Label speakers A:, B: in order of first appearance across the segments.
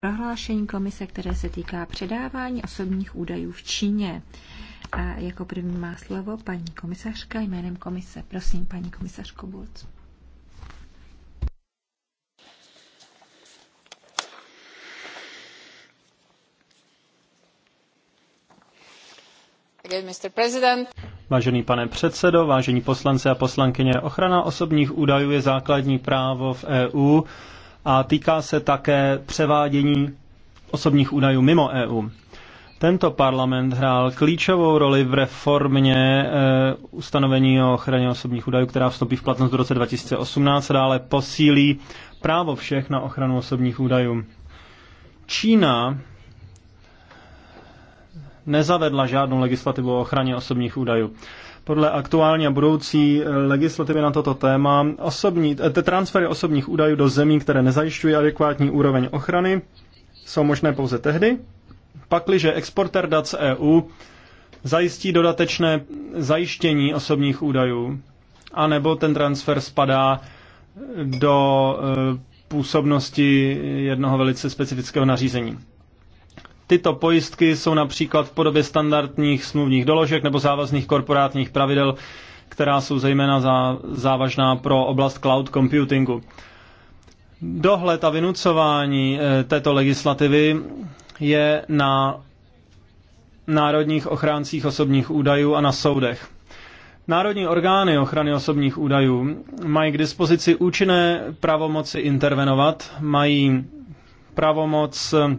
A: prohlášení komise, které se týká předávání osobních údajů v Číně. A jako první má slovo paní komisařka jménem komise. Prosím, paní komisařko Bulc.
B: Vážený pane předsedo, vážení poslanci a poslankyně, ochrana osobních údajů je základní právo v EU a týká se také převádění osobních údajů mimo EU. Tento parlament hrál klíčovou roli v reformě e, ustanovení o ochraně osobních údajů, která vstoupí v platnost v roce 2018 a dále posílí právo všech na ochranu osobních údajů. Čína nezavedla žádnou legislativu o ochraně osobních údajů podle aktuální a budoucí eh, legislativy na toto téma osobní, eh, te transfery osobních údajů do zemí, které nezajišťují adekvátní úroveň ochrany, jsou možné pouze tehdy, pakliže exporter dat z EU zajistí dodatečné zajištění osobních údajů, anebo ten transfer spadá eh, do působnosti jednoho velice specifického nařízení. Tyto pojistky jsou například v podobě standardních smluvních doložek nebo závazných korporátních pravidel, která jsou zejména za, závažná pro oblast cloud computingu. Dohled a vynucování eh, této legislativy je na národních ochráncích osobních údajů a na soudech. Národní orgány ochrany osobních údajů mají k dispozici účinné pravomoci intervenovat, mají pravomoc eh,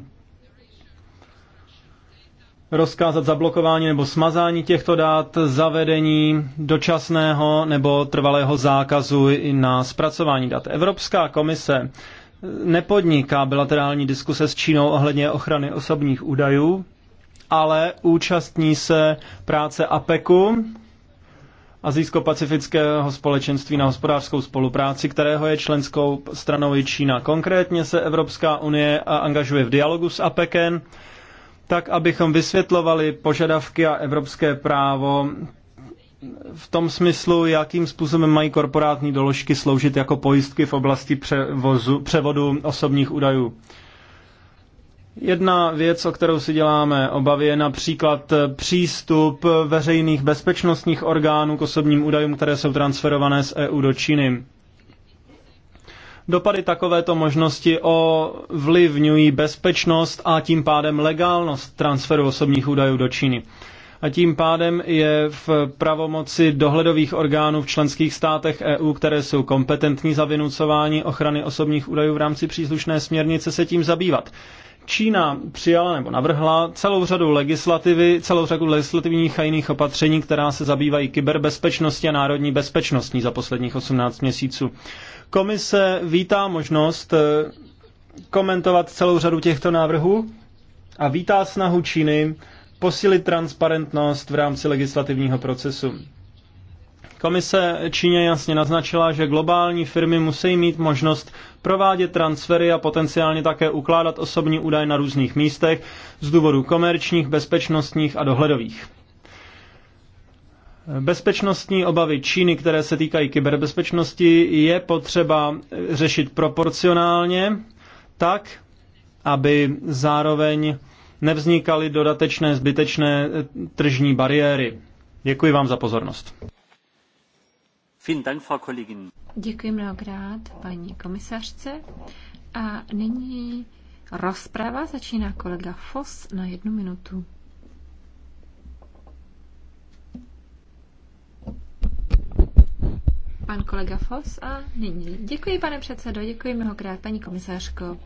B: rozkázat zablokování nebo smazání těchto dát, zavedení dočasného nebo trvalého zákazu na zpracování dat. Evropská komise nepodniká bilaterální diskuse s Čínou ohledně ochrany osobních údajů, ale účastní se práce APECu, Azijsko-pacifického společenství na hospodářskou spolupráci, kterého je členskou stranou i Čína. Konkrétně se Evropská unie angažuje v dialogu s APECem, tak abychom vysvětlovali požadavky a evropské právo v tom smyslu, jakým způsobem mají korporátní doložky sloužit jako pojistky v oblasti převozu, převodu osobních údajů. Jedna věc, o kterou si děláme obavy, je například přístup veřejných bezpečnostních orgánů k osobním údajům, které jsou transferované z EU do Číny. Dopady takovéto možnosti ovlivňují bezpečnost a tím pádem legálnost transferu osobních údajů do Číny. A tím pádem je v pravomoci dohledových orgánů v členských státech EU, které jsou kompetentní za vynucování ochrany osobních údajů v rámci příslušné směrnice, se tím zabývat. Čína přijala nebo navrhla celou řadu legislativy, celou řadu legislativních a jiných opatření, která se zabývají kyberbezpečností a národní bezpečnostní. za posledních 18 měsíců. Komise vítá možnost eh, komentovat celou řadu těchto návrhů a vítá snahu Číny posílit transparentnost v rámci legislativního procesu. Komise Číně jasně naznačila, že globální firmy musí mít možnost provádět transfery a potenciálně také ukládat osobní údaje na různých místech z důvodu komerčních, bezpečnostních a dohledových. Bezpečnostní obavy Číny, které se týkají kyberbezpečnosti, je potřeba řešit proporcionálně, tak, aby zároveň nevznikaly dodatečné zbytečné eh, tržní bariéry. Děkuji vám za pozornost. Děkuji
A: mnohokrát paní komisařce. A nyní
B: rozprava
A: začíná kolega Foss na jednu minutu. pan kolega Fos a nyní. Děkuji, pane předsedo, děkuji mnohokrát, paní komisařko.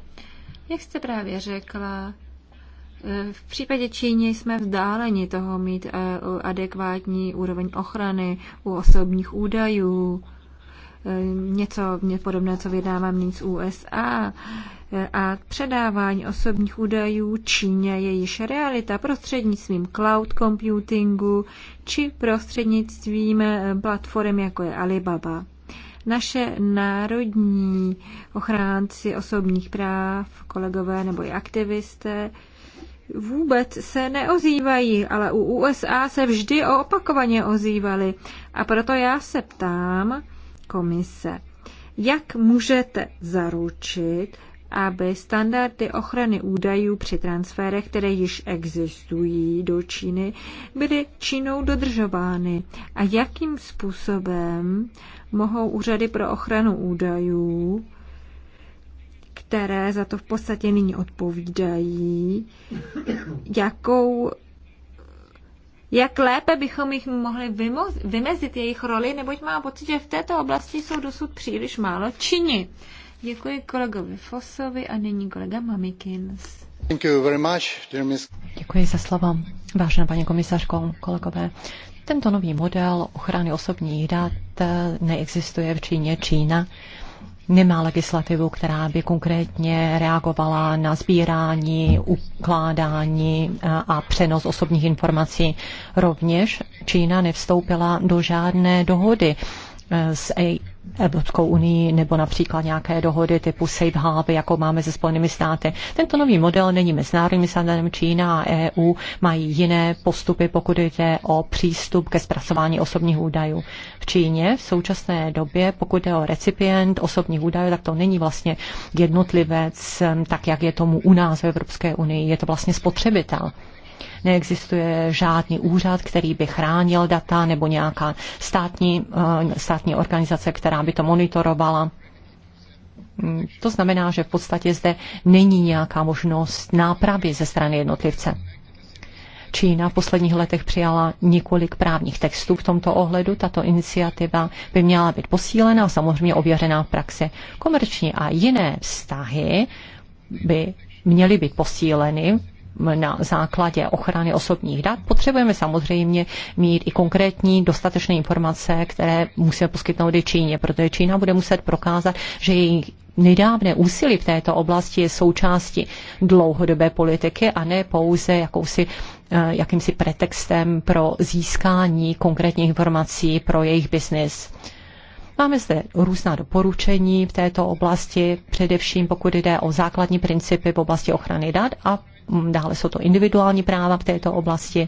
A: Jak jste právě řekla, eh, v případě Číny jsme vzdáleni toho mít eh, adekvátní úroveň ochrany u osobních údajů, Eh, něco mě podobné, co vydávám nic z USA. Eh, a předávání osobních údajů Číně je již realita prostřednictvím cloud computingu či prostřednictvím eh, platform jako je Alibaba. Naše národní ochránci osobních práv, kolegové nebo i aktivisté, vůbec se neozývají, ale u USA se vždy opakovaně ozývali. A proto já se ptám, komise. Jak můžete zaručit, aby standardy ochrany údajů při transferech, které již existují do Číny, byly Čínou dodržovány a jakým způsobem mohou úřady pro ochranu údajů, které za to v podstatě nyní odpovídají, jakou jak lépe bychom jich mohli vymezit jejich roli, neboť mám pocit, že v této oblasti jsou dosud příliš
C: málo čini. Děkuji kolegovi
A: Fosovi a nyní kolega Mamikins.
C: Děkuji za slovo. Vážená paní komisařko, kolegové, tento nový model ochrany osobních dat neexistuje v Číně. Čína nemá legislativu, která by konkrétně reagovala na sbírání, ukládání eh, a přenos osobních informací. Rovněž Čína nevstoupila do žádné dohody Eh, s e- Evropskou unii nebo například nějaké dohody typu Safe Hub, jako máme se Spojenými státy. Tento nový model není mezinárodním standardem. Čína a EU mají jiné postupy, pokud jde o přístup ke zpracování osobních údajů. V Číně v současné době, pokud jde o recipient osobních údajů, tak to není vlastně jednotlivec, eh, tak jak je tomu u nás v Evropské unii. Je to vlastně spotřebitel neexistuje žádný úřad, který by chránil data nebo nějaká státní, eh, státní organizace, která by to monitorovala. Mm, to znamená, že v podstatě zde není nějaká možnost nápravy ze strany jednotlivce. Čína v posledních letech přijala několik právních textů v tomto ohledu. Tato iniciativa by měla být posílena a samozřejmě ověřená v praxi. Komerční a jiné vztahy by měly být posíleny na základě ochrany osobních dat, potřebujeme samozřejmě mít i konkrétní dostatečné informace, které musíme poskytnout i Číně, protože Čína bude muset prokázat, že její nedávné úsilí v této oblasti je součástí dlouhodobé politiky a ne pouze jakousi eh, jakýmsi pretextem pro získání konkrétních informací pro jejich biznis. Máme zde různá doporučení v této oblasti, především pokud jde o základní principy v oblasti ochrany dat a dále jsou to individuální práva v této oblasti,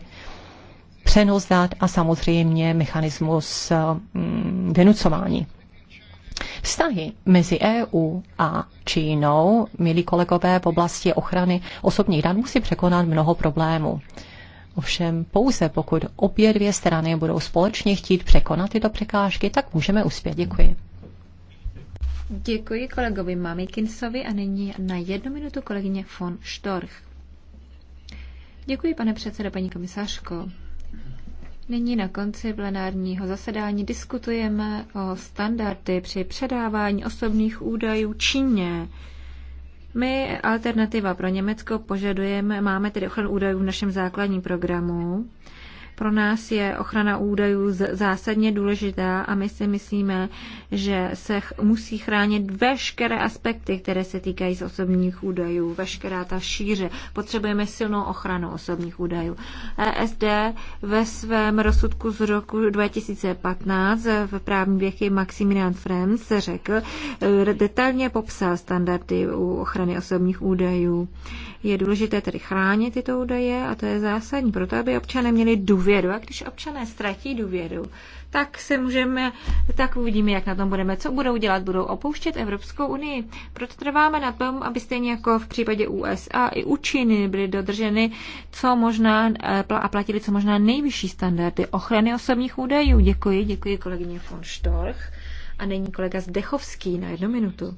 C: přenos dat a samozřejmě mechanismus denucování. Eh, Vztahy mezi EU a Čínou, milí kolegové, v oblasti ochrany osobních dat musí překonat mnoho problémů. Ovšem pouze pokud obě dvě strany budou společně chtít překonat tyto překážky, tak můžeme uspět. Děkuji.
A: Děkuji kolegovi Mamikinsovi a nyní na jednu minutu kolegyně von Storch. Děkuji, pane předsedo, paní komisářko. Nyní na konci plenárního zasedání diskutujeme o standardy při předávání osobních údajů Číně. My alternativa pro Německo požadujeme, máme tedy ochranu údajů v našem základním programu pro nás je ochrana údajů zásadně důležitá a my si myslíme, že se musí chránit veškeré aspekty, které se týkají z osobních údajů, veškerá ta šíře. Potřebujeme silnou ochranu osobních údajů. ESD ve svém rozsudku z roku 2015 v právní věchy Maximilian Frems řekl, e, detailně popsal standardy u ochrany osobních údajů. Je důležité tedy chránit tyto údaje a to je zásadní proto, aby občané měli důvěru důvěru. A když občané ztratí důvěru, tak se můžeme, tak uvidíme, jak na tom budeme, co budou dělat, budou opouštět Evropskou unii. Proto trváme na tom, aby stejně jako v případě USA i účiny byly dodrženy co možná eh, a platili co možná nejvyšší standardy ochrany osobních údajů. Děkuji, děkuji kolegyně von Storch. A není kolega Zdechovský na jednu minutu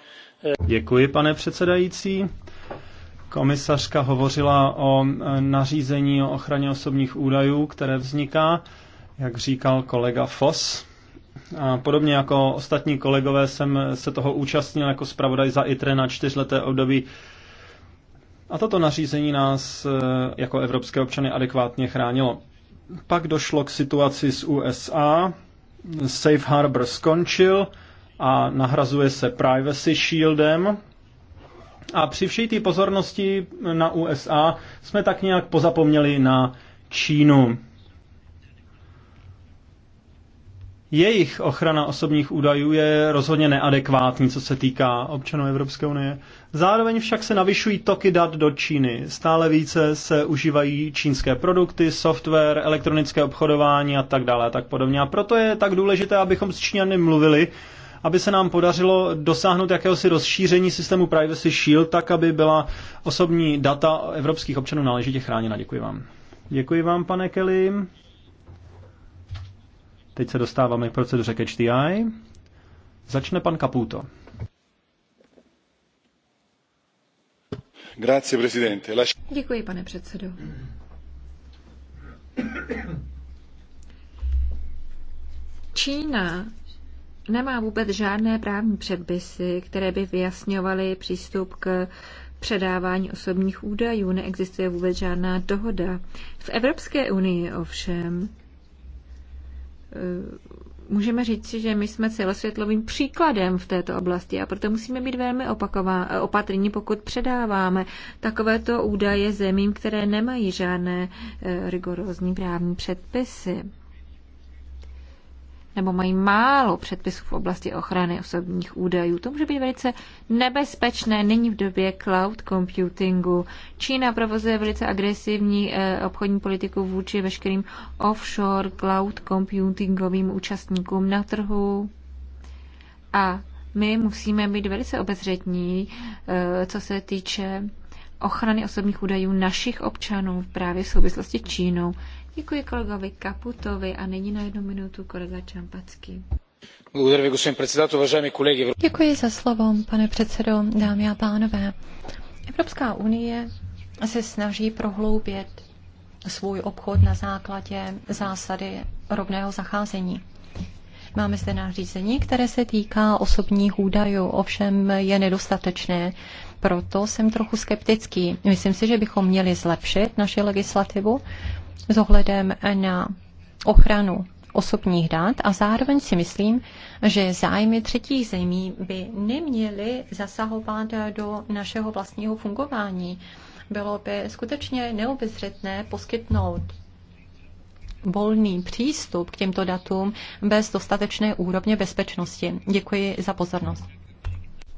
B: Děkuji, pane předsedající. Komisařka hovořila o nařízení o ochraně osobních údajů, které vzniká, jak říkal kolega Foss. A podobně jako ostatní kolegové jsem se toho účastnil jako zpravodaj za ITRE na čtyřleté období. A toto nařízení nás eh, jako evropské občany adekvátně chránilo. Pak došlo k situaci z USA, Safe Harbor skončil, a nahrazuje se Privacy Shieldem. A při všej té pozornosti na USA jsme tak nějak pozapomněli na Čínu. Jejich ochrana osobních údajů je rozhodně neadekvátní, co se týká občanů Evropské unie. Zároveň však se navyšují toky dat do Číny. Stále více se užívají čínské produkty, software, elektronické obchodování a tak dále a tak podobně. A proto je tak důležité, abychom s Číňany mluvili aby se nám podařilo dosáhnout jakéhosi rozšíření systému Privacy Shield, tak aby byla osobní data evropských občanů náležitě chráněna. Děkuji vám. Děkuji vám, pane Kelly. Teď se dostáváme k proceduře Catch the Eye. Začne pan Caputo.
A: Děkuji, pane předsedo. Čína nemá vůbec žádné právní předpisy, které by vyjasňovaly přístup k předávání osobních údajů. Neexistuje vůbec žádná dohoda. V Evropské unii ovšem eh, můžeme říct, že my jsme celosvětlovým příkladem v této oblasti a proto musíme být velmi opaková, eh, opatrní, pokud předáváme takovéto údaje zemím, které nemají žádné eh, rigorózní právní předpisy nebo mají málo předpisů v oblasti ochrany osobních údajů. To může být velice nebezpečné nyní v době cloud computingu. Čína provozuje velice agresivní eh, obchodní politiku vůči veškerým offshore cloud computingovým účastníkům na trhu. A my musíme být velice obezřetní, eh, co se týče ochrany osobních údajů našich občanů právě v souvislosti s Čínou. Děkuji kolegovi Kaputovi
C: a nyní na jednu minutu kolega Čampacký. Děkuji za slovo, pane předsedo, dámy a pánové. Evropská unie se snaží prohloubit svůj obchod na základě zásady rovného zacházení. Máme zde nařízení, které se týká osobních údajů, ovšem je nedostatečné. Proto jsem trochu skeptický. Myslím si, že bychom měli zlepšit naši legislativu s ohledem na ochranu osobních dat a zároveň si myslím, že zájmy třetích zemí by neměly zasahovat do našeho vlastního fungování. Bylo by skutečně neobezřetné poskytnout volný přístup k těmto datům bez dostatečné úrovně bezpečnosti. Děkuji za pozornost.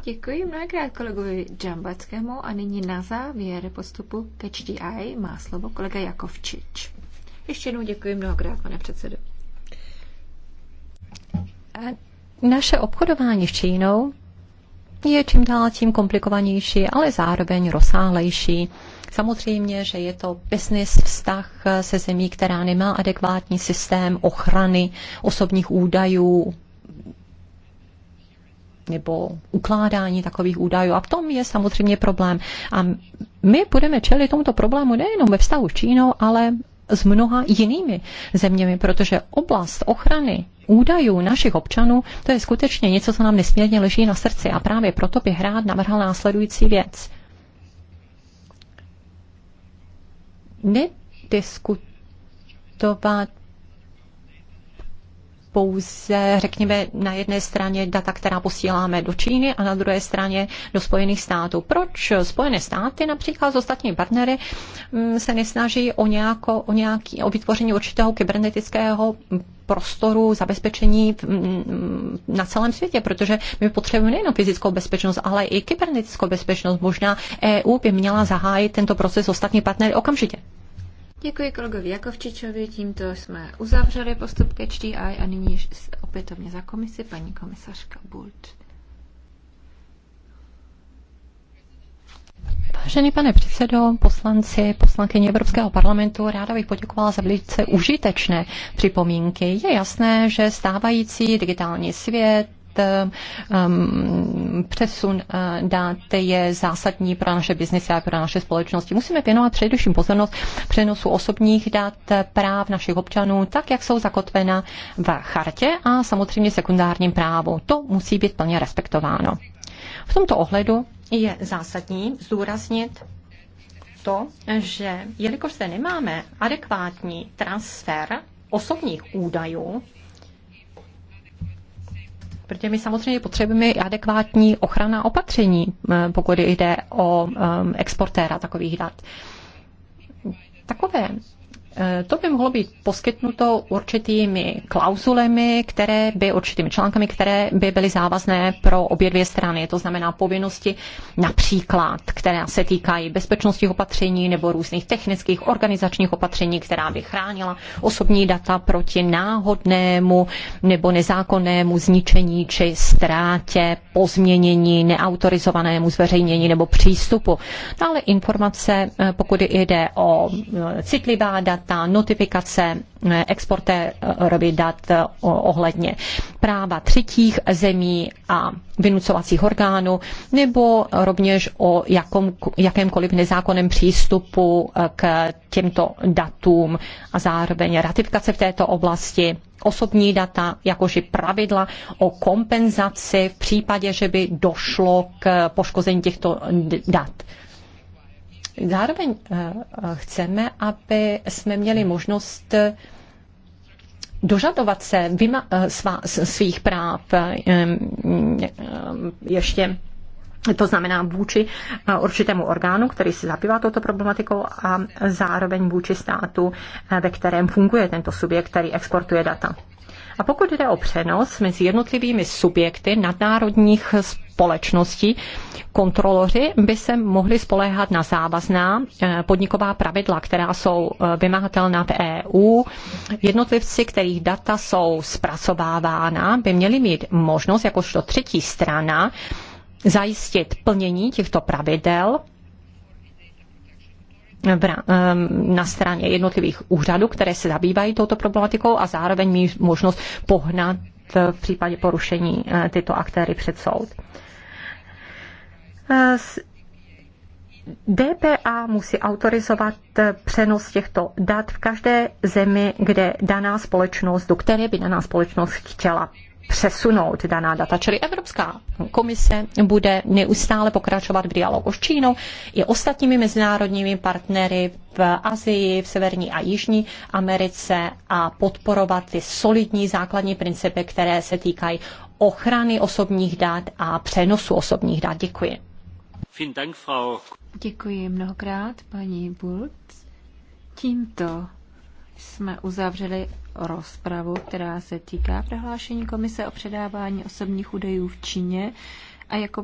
A: Děkuji mnohokrát kolegovi Džambackému a nyní na závěr postupu
C: ke HDI má slovo kolega Jakovčič.
A: Ještě jednou děkuji mnohokrát, pane předsedo.
C: Naše obchodování s Čínou je čím dál tím komplikovanější, ale zároveň rozsáhlejší. Samozřejmě, že je to business vztah se zemí, která nemá adekvátní systém ochrany osobních údajů, nebo ukládání takových údajů. A v tom je samozřejmě problém. A my budeme čelit tomuto problému nejenom ve vztahu s Čínou, ale s mnoha jinými zeměmi, protože oblast ochrany údajů našich občanů, to je skutečně něco, co nám nesmírně leží na srdci. A právě proto bych rád navrhl následující věc. Nediskutovat pouze, řekněme, na jedné straně data, která posíláme do Číny a na druhé straně do Spojených států. Proč Spojené státy například s ostatními partnery mm, se nesnaží o, nějako, o, nějaký, o vytvoření určitého kybernetického prostoru zabezpečení mm, mm, na celém světě, protože my potřebujeme nejen fyzickou bezpečnost, ale i kybernetickou bezpečnost. Možná EU by měla zahájit tento proces ostatní partnery okamžitě.
A: Děkuji kolegovi Jakovčičovi, tímto jsme uzavřeli postup ke HDI a nyní opětovně za komisi paní komisařka Bult.
C: Vážený pane předsedo, poslanci, poslankyně Evropského parlamentu, ráda bych poděkovala za velice užitečné připomínky. Je jasné, že stávající digitální svět um, přesun uh, dát je zásadní pro naše biznesy a pro naše společnosti. Musíme věnovat především pozornost přenosu osobních dat práv našich občanů, tak jak jsou zakotvena v chartě a samozřejmě sekundárním právu. To musí být plně respektováno. V tomto ohledu je zásadní zdůraznit to, že jelikož se nemáme adekvátní transfer osobních údajů protože my samozřejmě potřebujeme adekvátní ochrana opatření, eh, pokud jde o ehm, exportéra takových dat. Takové Eh, to by mohlo být poskytnuto určitými klauzulemi, které by, určitými článkami, které by byly závazné pro obě dvě strany. To znamená povinnosti například, které se týkají bezpečnostních opatření nebo různých technických organizačních opatření, která by chránila osobní data proti náhodnému nebo nezákonnému zničení či ztrátě, pozměnění, neautorizovanému zveřejnění nebo přístupu. Dále informace, eh, pokud jde o eh, citlivá data, ta notifikace eh, exportérovi eh, dat eh, ohledně práva třetích zemí a vynucovacích orgánů, nebo rovněž o jakom, jakémkoliv nezákonném přístupu k těmto datům a zároveň ratifikace v této oblasti, osobní data, jakož i pravidla o kompenzaci v případě, že by došlo k poškození těchto dat. Zároveň eh, chceme, aby jsme měli možnost eh, dožadovat se vyma, eh, svá, svých práv ještě to znamená vůči určitému orgánu, který se zabývá touto problematikou a zároveň vůči státu, ve kterém funguje tento subjekt, který exportuje data. A pokud jde o přenos mezi jednotlivými subjekty nadnárodních Společnosti kontroloři by se mohli spoléhat na závazná eh, podniková pravidla, která jsou eh, vymahatelná v EU. Jednotlivci, kterých data jsou zpracovávána, by měli mít možnost, jakožto třetí strana, zajistit plnění těchto pravidel ehm, na straně jednotlivých úřadů, které se zabývají touto problematikou a zároveň mít možnost pohnat v případě porušení eh, tyto aktéry před soud. Eh, DPA musí autorizovat eh, přenos těchto dat v každé zemi, kde daná společnost, do které by daná společnost chtěla přesunout daná data. Čili Evropská komise bude neustále pokračovat v dialogu s Čínou i ostatními mezinárodními partnery v Asii, v Severní a Jižní Americe a podporovat ty solidní základní principy, které se týkají ochrany osobních dat a přenosu osobních dat. Děkuji. Děkuji mnohokrát,
A: paní Bult. Tímto jsme uzavřeli rozpravu, která se týká prohlášení Komise o předávání osobních údajů v Číně a jako